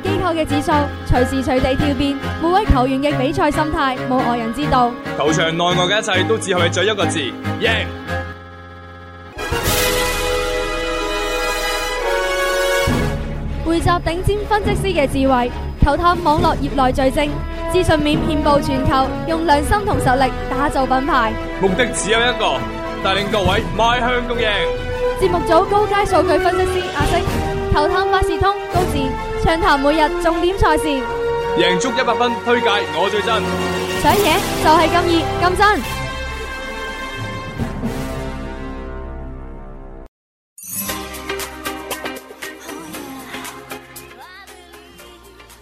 機構嘅指數隨時隨地跳變，每位球員嘅比賽心態冇外人知道。球場內外嘅一切都只係在一個字：贏。匯集頂尖分析師嘅智慧，球探網絡業內最精，資訊面遍佈全球，用良心同實力打造品牌。目的只有一個，帶領各位邁向共贏。節目組高階數據分析師阿星。球探百事通，高士暢談每日重點賽事，贏足一百分，推介我最真，想嘢就係咁熱咁真。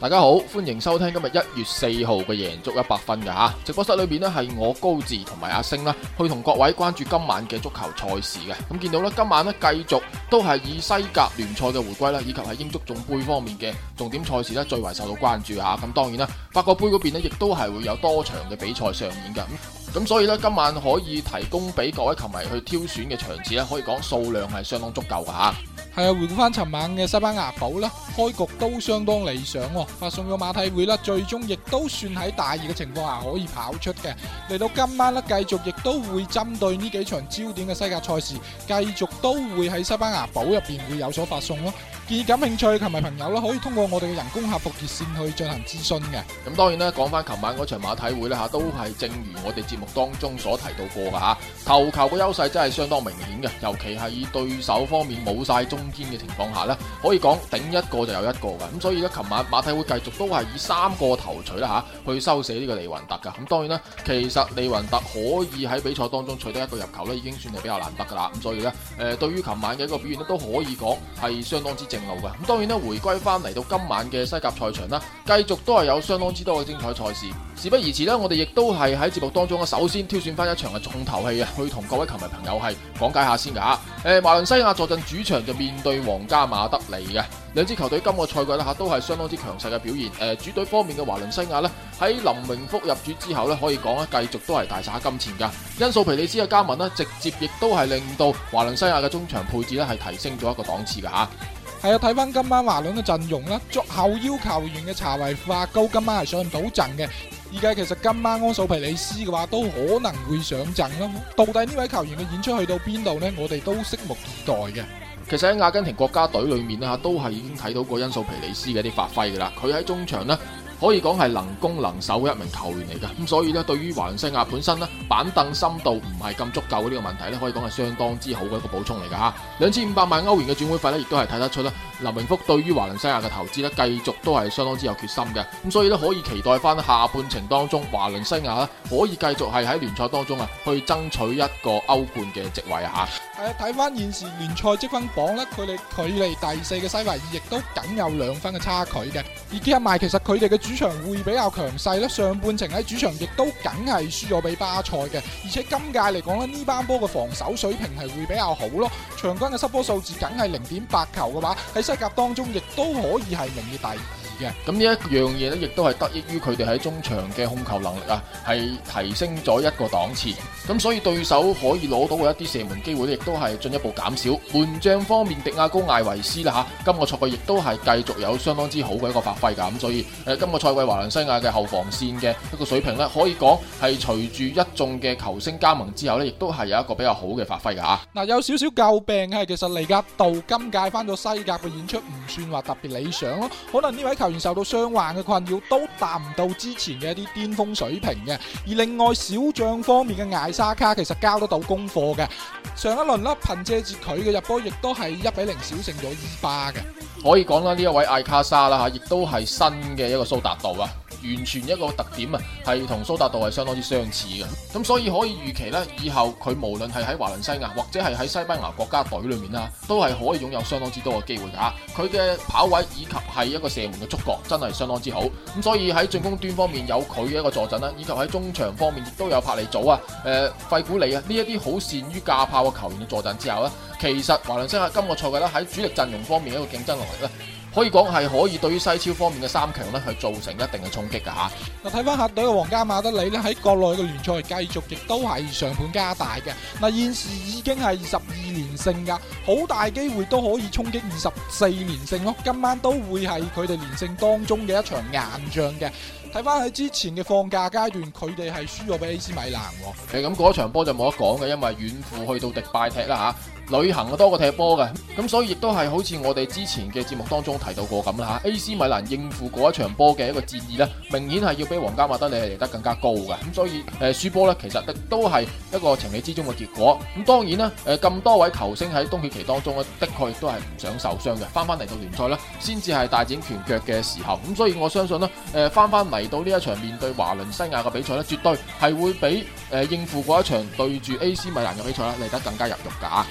大家好，歡迎收聽今日一月四號嘅贏足一百分嘅，吓，直播室裏邊咧係我高志同埋阿星啦，去同各位關注今晚嘅足球賽事嘅。咁見到今晚咧繼續都係以西甲聯賽嘅回歸啦，以及係英足總杯方面嘅重點賽事，最為受到關注吓。咁當然啦，八個杯嗰邊咧亦都係會有多場嘅比賽上演噶。咁所以今晚可以提供俾各位球迷去挑選嘅場次，可以講數量係相當足夠噶吓。係啊，回顧翻尋晚嘅西班牙寶啦，開局都相當理想，發送咗馬體會啦，最終亦都算喺大熱嘅情況下可以跑出嘅。嚟到今晚呢，繼續亦都會針對呢幾場焦點嘅西甲賽事，繼續都會喺西班牙寶入邊會有所發送咯。而感興趣嘅球迷朋友啦，可以通過我哋嘅人工客服熱線去進行諮詢嘅。咁當然啦，講翻琴晚嗰場馬體會咧吓，都係正如我哋節目當中所提到過噶吓，頭球嘅優勢真係相當明顯嘅，尤其係以對手方面冇晒中堅嘅情況下咧，可以講頂一個就有一個噶。咁所以咧，琴晚馬體會繼續都係以三個頭槌啦吓，去收死呢個利雲特噶。咁當然啦，其實利雲特可以喺比賽當中取得一個入球咧，已經算係比較難得噶啦。咁所以咧，誒，對於琴晚嘅一個表現咧，都可以講係相當之正。咁，當然咧，回歸翻嚟到今晚嘅西甲賽場啦，繼續都係有相當之多嘅精彩賽事。事不宜遲呢，我哋亦都係喺節目當中，首先挑選翻一場嘅重頭戲啊，去同各位球迷朋友係講解下先噶吓。誒，華倫西亞坐鎮主場就面對皇家馬德里嘅兩支球隊。今個賽季咧吓都係相當之強勢嘅表現。誒，主隊方面嘅華倫西亞呢，喺林榮福入主之後呢，可以講咧繼續都係大灑金錢噶。因素皮里斯嘅加盟呢，直接亦都係令到華倫西亞嘅中場配置呢，係提升咗一個檔次噶吓。係啊，睇翻今晚華倫嘅陣容啦，作後腰球員嘅查維阿高今晚係上唔到陣嘅。而家其實今晚安素皮里斯嘅話都可能會上陣咯。到底呢位球員嘅演出去到邊度呢？我哋都拭目以待嘅。其實喺阿根廷國家隊裏面咧都係已經睇到過安素皮里斯嘅啲發揮噶啦。佢喺中場呢，可以講係能攻能守嘅一名球員嚟㗎，咁所以呢，對於華倫西亞本身呢板凳深度唔係咁足夠嘅呢個問題呢，可以講係相當之好嘅一個補充嚟㗎嚇。兩千五百萬歐元嘅轉會費呢，亦都係睇得出呢，林榮福對於華倫西亞嘅投資呢，繼續都係相當之有決心嘅。咁所以呢，可以期待翻下半程當中，華倫西亞呢，可以繼續係喺聯賽當中啊，去爭取一個歐冠嘅席位嚇。係啊，睇翻現時聯賽積分榜呢，佢哋距離第四嘅西維爾亦都僅有兩分嘅差距嘅。而且入埋，其實佢哋嘅主場會比較強勢咧。上半程喺主場亦都梗係輸咗俾巴塞嘅，而且今屆嚟講咧，呢班波嘅防守水平係會比較好咯。場均嘅失波數字梗係零點八球嘅話，喺西甲當中亦都可以係名列第。咁呢一樣嘢咧，亦都係得益於佢哋喺中場嘅控球能力啊，係提升咗一個檔次。咁所以對手可以攞到嘅一啲射門機會咧，亦都係進一步減少。門將方面，迪亞高艾維斯啦吓，今個賽季亦都係繼續有相當之好嘅一個發揮噶。咁所以誒，今個賽季華倫西亞嘅後防線嘅一個水平咧，可以講係隨住一眾嘅球星加盟之後咧，亦都係有一個比較好嘅發揮噶吓。嗱，有少少舊病係其實嚟噶，杜金界翻到西甲嘅演出唔算話特別理想咯，可能呢位球受到傷患嘅困擾，都達唔到之前嘅一啲巔峰水平嘅。而另外小將方面嘅艾沙卡，其實交得到功課嘅。上一輪啦，憑借住佢嘅入波，亦都係一比零小勝咗伊巴嘅。可以講啦，呢一位艾卡沙啦吓，亦都係新嘅一個蘇達道啊。完全一個特點啊，係同蘇達度係相當之相似嘅，咁所以可以預期咧，以後佢無論係喺華倫西亞或者係喺西班牙國家隊裏面啦，都係可以擁有相當之多嘅機會㗎。佢嘅跑位以及係一個射門嘅觸覺真係相當之好，咁所以喺進攻端方面有佢嘅一個助陣啦，以及喺中場方面亦都有帕尼祖啊、誒、呃、費古里啊呢一啲好善於架炮嘅球員嘅助陣之後咧，其實華倫西亞今個賽季咧喺主力陣容方面一個競爭來啦。可以講係可以對於西超方面嘅三強咧，去造成一定嘅衝擊嘅吓。嗱，睇翻客隊嘅皇家馬德里咧，喺國內嘅聯賽繼續亦都係上盤加大嘅。嗱，現時已經係二十二連勝噶，好大機會都可以衝擊二十四連勝咯。今晚都會係佢哋連勝當中嘅一場硬仗嘅。睇翻喺之前嘅放假階段，佢哋係輸咗俾 AC 米蘭喎。咁嗰場波就冇得講嘅，因為遠赴去到迪拜踢啦嚇，旅行嘅多過踢波嘅。咁所以亦都係好似我哋之前嘅節目當中提到過咁啦嚇。AC 米蘭應付嗰一場波嘅一個戰意呢，明顯係要比皇家馬德里係嚟得更加高嘅。咁所以誒輸波呢，其實都係一個情理之中嘅結果。咁當然啦，誒咁多位球星喺冬歇期當中呢，的確都係唔想受傷嘅，翻翻嚟到聯賽咧，先至係大展拳腳嘅時候。咁所以我相信咧，誒翻翻嚟。嚟到呢一場面對華倫西亞嘅比賽呢絕對係會比誒、呃、應付過一場對住 A C 米蘭嘅比賽咧嚟得更加入肉噶。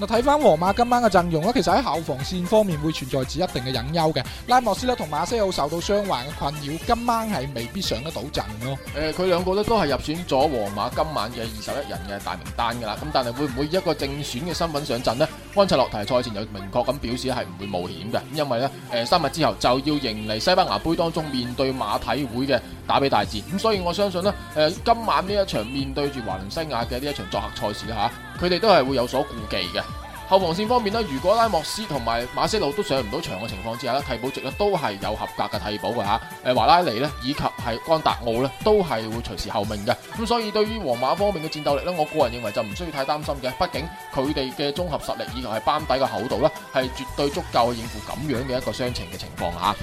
嗱，睇翻皇馬今晚嘅陣容啦，其實喺後防線方面會存在住一定嘅隱憂嘅。拉莫斯咧同馬西奧受到傷患嘅困擾，今晚係未必上得到陣咯。誒、呃，佢兩個咧都係入選咗皇馬今晚嘅二十一人嘅大名單噶啦，咁但係會唔會以一個正選嘅身份上陣呢？安切洛提賽前有明確咁表示係唔會冒險嘅，因為咧誒三日之後就要迎嚟西班牙杯當中面對馬體會嘅打比大戰，咁所以我相信咧誒、呃、今晚呢一場面對住華倫西亞嘅呢一場作客賽事啦，佢哋都係會有所顧忌嘅。後防線方面咧，如果拉莫斯同埋馬西路都上唔到場嘅情況之下咧，替補席咧都係有合格嘅替補嘅嚇，誒、啊、華拉尼咧以及。係安達奧咧，都係會隨時候命嘅。咁所以對於皇馬方面嘅戰鬥力咧，我個人認為就唔需要太擔心嘅。畢竟佢哋嘅綜合實力以及係班底嘅厚度咧，係絕對足夠應付咁樣嘅一個傷情嘅情況吓。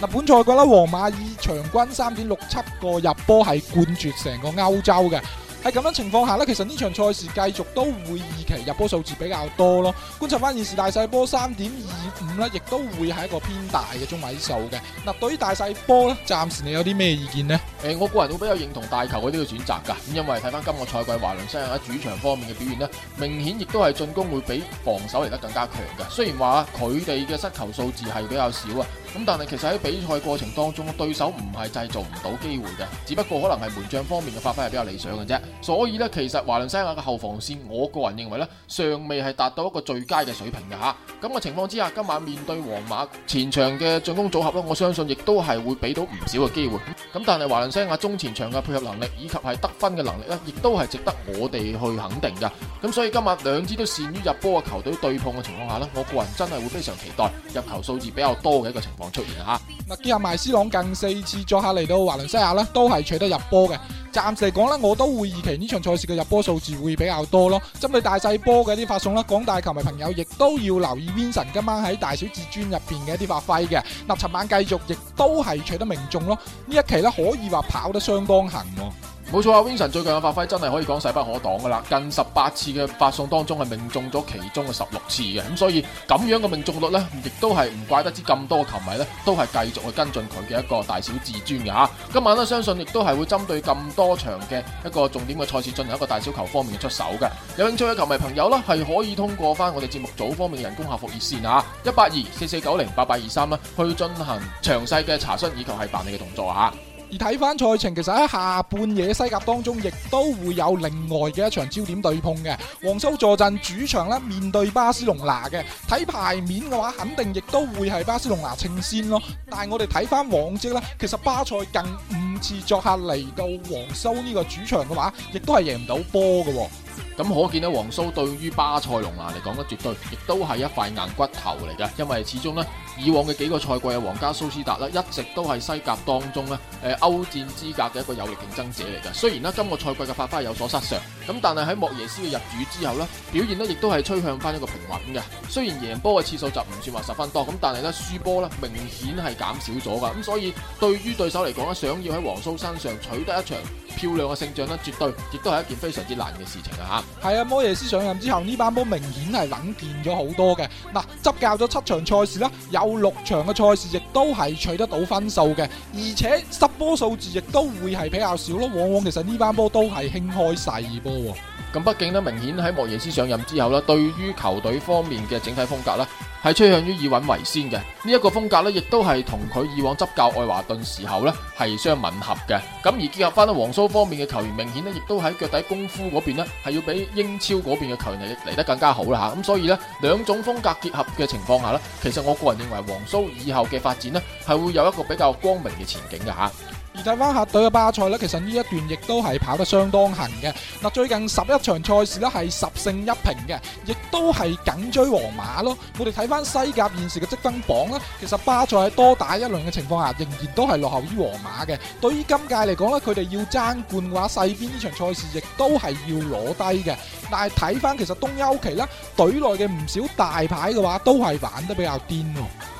嗱，本賽季啦，皇馬以場均三點六七個入波係冠絕成個歐洲嘅。喺咁樣的情況下呢，其實呢場賽事繼續都會預期入波數字比較多咯。觀察翻現時大細波三點二五呢亦都會係一個偏大嘅中位數嘅。嗱，對於大細波呢，暫時你有啲咩意見呢？誒、呃，我個人都比較認同大球嗰啲嘅選擇噶。咁因為睇翻今個賽季華倫西亞喺主場方面嘅表現呢，明顯亦都係進攻會比防守嚟得更加強嘅。雖然話佢哋嘅失球數字係比較少啊。咁但係其實喺比賽過程當中，對手唔係製造唔到機會嘅，只不過可能係門將方面嘅發揮係比較理想嘅啫。所以咧，其實華倫西亞嘅後防線，我個人認為咧，尚未係達到一個最佳嘅水平嘅吓。咁嘅情況之下，今晚面對皇馬前場嘅進攻組合咧，我相信亦都係會俾到唔少嘅機會。咁但係華倫西亞中前場嘅配合能力以及係得分嘅能力咧，亦都係值得我哋去肯定嘅。咁所以今晚兩支都善於入波嘅球隊對、對碰嘅情況下咧，我個人真係會非常期待入球數字比較多嘅一個情況。出現吓，咁結合埋斯朗近四次作客嚟到華倫西亞咧，都係取得入波嘅。暫時嚟講咧，我都會預期呢場賽事嘅入波數字會比較多咯。針對大細波嘅一啲發送咧，廣大球迷朋友亦都要留意 Vincent 今晚喺大小至尊入邊嘅一啲發揮嘅。嗱、啊，尋晚繼續亦都係取得命中咯，呢一期咧可以話跑得相當行。嗯嗯嗯冇錯啊 Vincent 最近嘅發揮真係可以講勢不可擋噶啦，近十八次嘅發送當中係命中咗其中嘅十六次嘅。咁所以咁樣嘅命中率呢，亦都係唔怪得知咁多球迷呢都係繼續去跟進佢嘅一個大小至尊嘅吓。今晚呢，相信亦都係會針對咁多場嘅一個重點嘅賽事進行一個大小球方面嘅出手嘅。有興趣嘅球迷朋友呢，係可以通過翻我哋節目組方面嘅人工客服熱線啊，一八二四四九零八八二三啦，去進行詳細嘅查詢以及係辦理嘅動作吓、啊。而睇翻賽程，其實喺下半夜西甲當中，亦都會有另外嘅一場焦點對碰嘅。黃修坐鎮主場咧，面對巴塞隆拿嘅，睇牌面嘅話，肯定亦都會係巴塞隆拿稱先咯。但係我哋睇翻往績呢，其實巴塞近五次作客嚟到黃修呢個主場嘅話，亦都係贏唔到波喎。咁可見咧，皇蘇對於巴塞隆拿嚟講咧，絕對亦都係一塊硬骨頭嚟嘅。因為始終咧，以往嘅幾個賽季嘅皇家蘇斯達咧一直都係西甲當中咧，誒，歐戰資格嘅一個有力競爭者嚟嘅。雖然呢，今個賽季嘅發揮有所失常，咁但係喺莫耶斯嘅入主之後咧，表現咧亦都係趨向翻一個平穩嘅。雖然贏波嘅次數就唔算話十分多，咁但係咧輸波咧明顯係減少咗噶。咁所以對於對手嚟講咧，想要喺皇蘇身上取得一場。漂亮嘅勝仗咧，絕對亦都係一件非常之難嘅事情啊！吓，係啊，摩耶斯上任之後，呢班波明顯係穩健咗好多嘅。嗱，執教咗七場賽事啦，有六場嘅賽事亦都係取得到分數嘅，而且失波數字亦都會係比較少咯。往往其實呢班波都係輕開細波。咁畢竟咧，明顯喺莫耶斯上任之後咧，對於球隊方面嘅整體風格咧，係趨向於以穩為先嘅。呢、這、一個風格咧，亦都係同佢以往執教愛華頓時候咧係相吻合嘅。咁而結合翻咧黃蘇方面嘅球員，明顯咧亦都喺腳底功夫嗰邊咧係要比英超嗰邊嘅球員嚟嚟得更加好啦吓。咁所以咧，兩種風格結合嘅情況下咧，其實我個人認為黃蘇以後嘅發展咧係會有一個比較光明嘅前景嘅吓。而睇翻客隊嘅巴塞呢，其實呢一段亦都係跑得相當行嘅。嗱，最近十一場賽事呢，係十勝一平嘅，亦都係緊追皇馬咯。我哋睇翻西甲現時嘅積分榜呢，其實巴塞喺多打一輪嘅情況下，仍然都係落後於皇馬嘅。對於今屆嚟講呢，佢哋要爭冠嘅話，細邊呢場賽事亦都係要攞低嘅。但係睇翻其實冬休期呢，隊內嘅唔少大牌嘅話，都係玩得比較癲。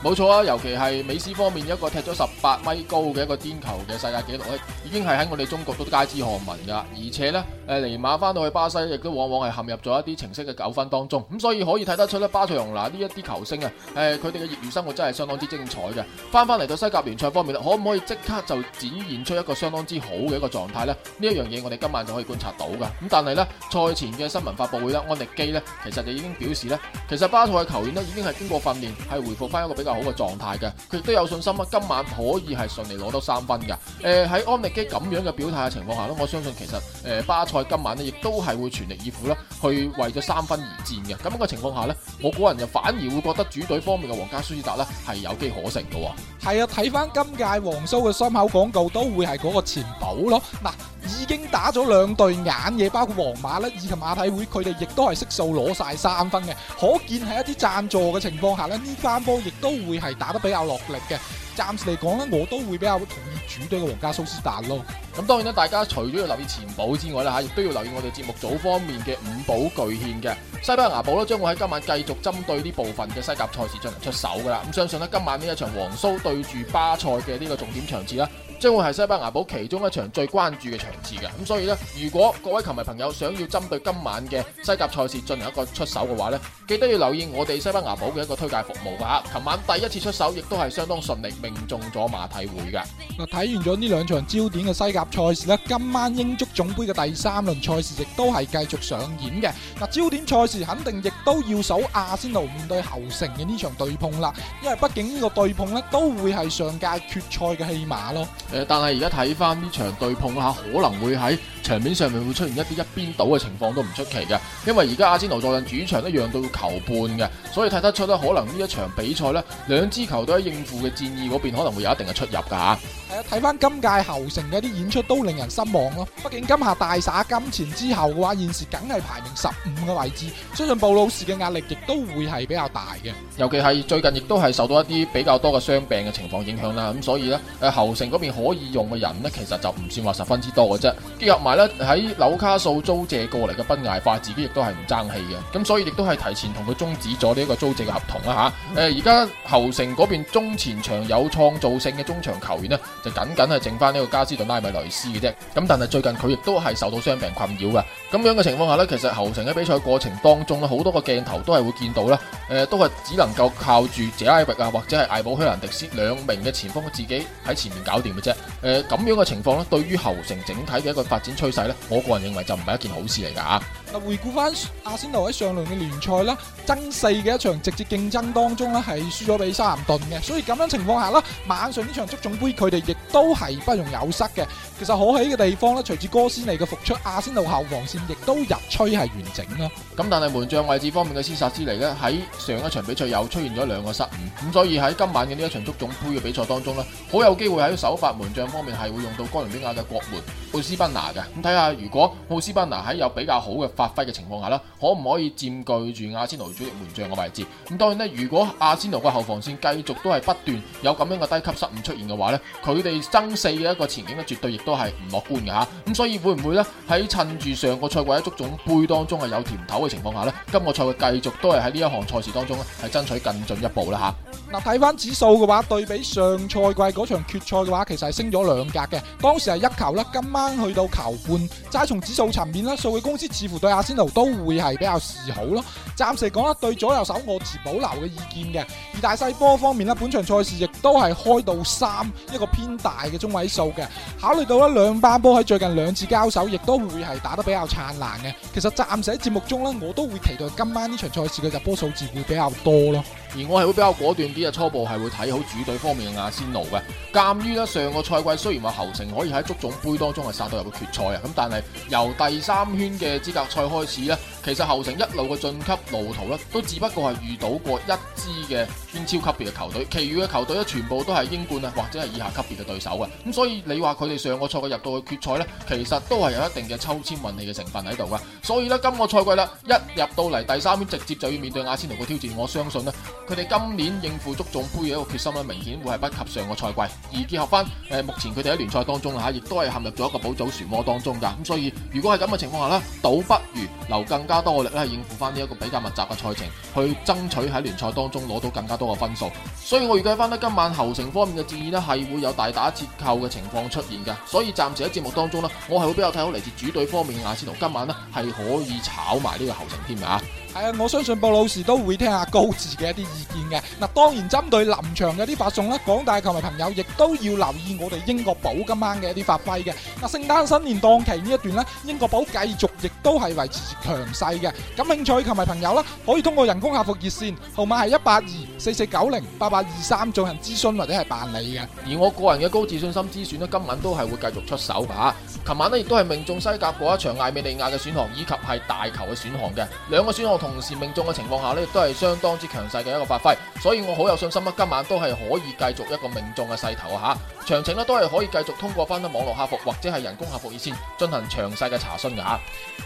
冇錯啊，尤其係美斯方面一個踢咗十八米高嘅一個顛球嘅世界紀錄咧，已經係喺我哋中國都街知巷聞㗎。而且呢，誒尼馬翻到去巴西亦都往往係陷入咗一啲情色嘅糾紛當中。咁所以可以睇得出咧，巴塞隆拿呢一啲球星啊，誒佢哋嘅業餘生活真係相當之精彩嘅。翻翻嚟到西甲聯賽方面，可唔可以即刻就展現出一個相當之好嘅一個狀態呢？呢一樣嘢我哋今晚就可以觀察到㗎。咁但係呢，賽前嘅新聞發佈會咧，安力基呢，其實就已經表示呢，其實巴塞嘅球員呢已經係經過訓練，係回復翻一個比較好嘅狀態嘅，佢都有信心啊！今晚可以係順利攞到三分嘅。誒、呃、喺安力基咁樣嘅表態嘅情況下咧，我相信其實誒、呃、巴塞今晚咧亦都係會全力以赴啦，去為咗三分而戰嘅。咁樣嘅情況下呢，我個人就反而會覺得主隊方面嘅皇家蘇斯達咧係有機可乘嘅。係啊，睇翻今屆皇蘇嘅心口廣告都會係嗰個前寶咯。嗱。已經打咗兩隊眼嘢，包括皇馬啦，以及馬體會，佢哋亦都係悉數攞晒三分嘅，可見喺一啲讚助嘅情況下呢番波亦都會係打得比較落力嘅。暫時嚟講呢我都會比較同意主隊嘅皇家蘇斯達咯。咁當然大家除咗要留意前寶之外咧，吓亦都要留意我哋節目組方面嘅五寶巨獻嘅西班牙寶啦，將會喺今晚繼續針對呢部分嘅西甲賽事進行出手噶啦。咁相信今晚呢一場皇蘇對住巴塞嘅呢個重點場次啦。將會係西班牙寶其中一場最關注嘅場次嘅，咁所以咧，如果各位球迷朋友想要針對今晚嘅西甲賽事進行一個出手嘅話咧，記得要留意我哋西班牙寶嘅一個推介服務噶。吓，琴晚第一次出手亦都係相當順利，命中咗馬體會嘅。嗱，睇完咗呢兩場焦點嘅西甲賽事咧，今晚英足總盃嘅第三輪賽事亦都係繼續上演嘅。嗱，焦點賽事肯定亦都要守阿仙奴面對侯城嘅呢場對碰啦，因為畢竟呢個對碰咧都會係上屆決賽嘅戲碼咯。但係而家睇翻呢場對碰下，可能會喺場面上面會出現一啲一邊倒嘅情況都唔出奇嘅，因為而家阿仙奴坐鎮主場都讓到球半嘅，所以睇得出咧，可能呢一場比賽呢，兩支球隊喺應付嘅戰意嗰邊可能會有一定嘅出入㗎嚇。係啊，睇翻今屆侯城嘅一啲演出都令人失望咯，畢竟今下大灑金錢之後嘅話，現時梗係排名十五嘅位置，相信布魯士嘅壓力亦都會係比較大嘅，尤其係最近亦都係受到一啲比較多嘅傷病嘅情況影響啦。咁所以呢，誒、呃、侯城嗰邊。可以用嘅人呢，其實就唔算話十分之多嘅啫。結合埋呢，喺紐卡素租借過嚟嘅賓艾化，自己亦都係唔爭氣嘅，咁所以亦都係提前同佢終止咗呢一個租借嘅合同啦吓，誒而家侯城嗰邊中前場有創造性嘅中場球員呢，就僅僅係剩翻呢個加斯頓拉米雷斯嘅啫。咁、啊、但係最近佢亦都係受到傷病困擾嘅。咁樣嘅情況下呢，其實侯城喺比賽過程當中呢，好多個鏡頭都係會見到啦。誒、呃、都係只能夠靠住謝拉域啊，或者係艾保希蘭迪斯兩名嘅前鋒自己喺前面搞掂嘅。誒，咁樣嘅情況咧，對於侯城整體嘅一個發展趨勢咧，我個人認為就唔係一件好事嚟噶嗱，回顧翻阿仙奴喺上輪嘅聯賽咧，爭四嘅一場直接競爭當中咧，係輸咗俾沙林頓嘅。所以咁樣的情況下啦，晚上呢場足總杯佢哋亦都係不容有失嘅。其實可喜嘅地方咧，隨住哥斯尼嘅復出，阿仙奴後防線亦都入吹係完整啦。咁但係門將位置方面嘅施薩斯嚟咧，喺上一場比賽又出現咗兩個失誤。咁所以喺今晚嘅呢一場足總杯嘅比賽當中咧，好有機會喺首發。門將方面係會用到哥倫比亞嘅國門奧斯賓拿嘅，咁睇下如果奧斯賓拿喺有比較好嘅發揮嘅情況下呢，可唔可以佔據住阿仙奴主力門將嘅位置？咁當然呢，如果阿仙奴嘅後防線繼續都係不斷有咁樣嘅低級失誤出現嘅話呢，佢哋爭四嘅一個前景咧，絕對亦都係唔樂觀嘅，吓。咁所以會唔會呢？喺趁住上個賽季喺足總盃當中係有甜頭嘅情況下呢，今個賽季繼續都係喺呢一項賽事當中咧，係爭取更進一步啦吓。嗱，睇翻指數嘅話，對比上賽季嗰場決賽嘅話，其實係升咗兩格嘅。當時係一球啦，今晚去到球半。齋從指數層面啦，數據公司似乎對阿仙奴都會係比較示好咯。暫時講啦，對左右手我持保留嘅意見嘅。而大細波方面啦，本場賽事亦都係開到三，一個偏大嘅中位數嘅。考慮到呢兩班波喺最近兩次交手，亦都會係打得比較燦爛嘅。其實暫時喺節目中咧，我都會期待今晚呢場賽事嘅入波數字會比較多咯。而我係會比較果斷啲。初步係會睇好主隊方面嘅亞仙奴嘅，鑑於咧上個賽季雖然話侯城可以喺足總盃當中係殺到入個決賽啊，咁但係由第三圈嘅資格賽開始咧，其實侯城一路嘅晉級路途咧，都只不過係遇到過一支嘅，英超級別嘅球隊，其餘嘅球隊咧，全部都係英冠啊，或者係以下級別嘅對手啊，咁所以你話佢哋上個賽季入到去決賽呢，其實都係有一定嘅抽簽運氣嘅成分喺度噶，所以呢，今個賽季啦，一入到嚟第三圈直接就要面對阿仙奴嘅挑戰，我相信呢，佢哋今年應付足總杯嘅一個決心咧，明顯會係不及上個賽季，而結合翻誒，目前佢哋喺聯賽當中吓，亦都係陷入咗一個保組漩渦當中噶，咁所以如果係咁嘅情況下呢，倒不如留更加多嘅力咧，應付翻呢一個比較密集嘅賽程，去爭取喺聯賽當中攞到更加多。那個分數，所以我預計翻呢，今晚侯城方面嘅戰意呢係會有大打折扣嘅情況出現嘅，所以暫時喺節目當中呢，我係會比較睇好嚟自主隊方面嘅亞視同，今晚呢係可以炒埋呢個侯城添啊！係啊，我相信布老師都會聽下高智嘅一啲意見嘅。嗱，當然針對臨場嘅啲發送啦，廣大球迷朋友亦都要留意我哋英國寶今晚嘅一啲發揮嘅。嗱，聖誕新年檔期呢一段咧，英國寶繼續亦都係維持強勢嘅。感興趣球迷朋友啦，可以通過人工客服熱線號碼係一八二四四九零八八二三進行諮詢或者係辦理嘅。而我個人嘅高自信心之選咧，今晚都係會繼續出手噶吓。琴晚咧亦都係命中西甲嗰一場艾美利亞嘅選項，以及係大球嘅選項嘅兩個選項。同時命中嘅情況下呢，都係相當之強勢嘅一個發揮，所以我好有信心啊！今晚都係可以繼續一個命中嘅勢頭啊！吓，詳情咧都係可以繼續通過翻個網絡客服或者係人工客服熱線進行詳細嘅查詢嘅吓。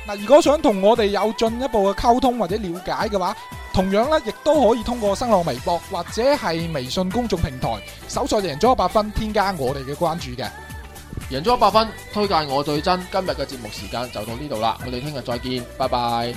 嗱，如果想同我哋有進一步嘅溝通或者了解嘅話，同樣呢亦都可以通過新浪微博或者係微信公眾平台搜索贏足 100FUN，添加我哋嘅關注嘅贏足 100FUN，推介我最真。今日嘅節目時間就到呢度啦，我哋聽日再見，拜拜。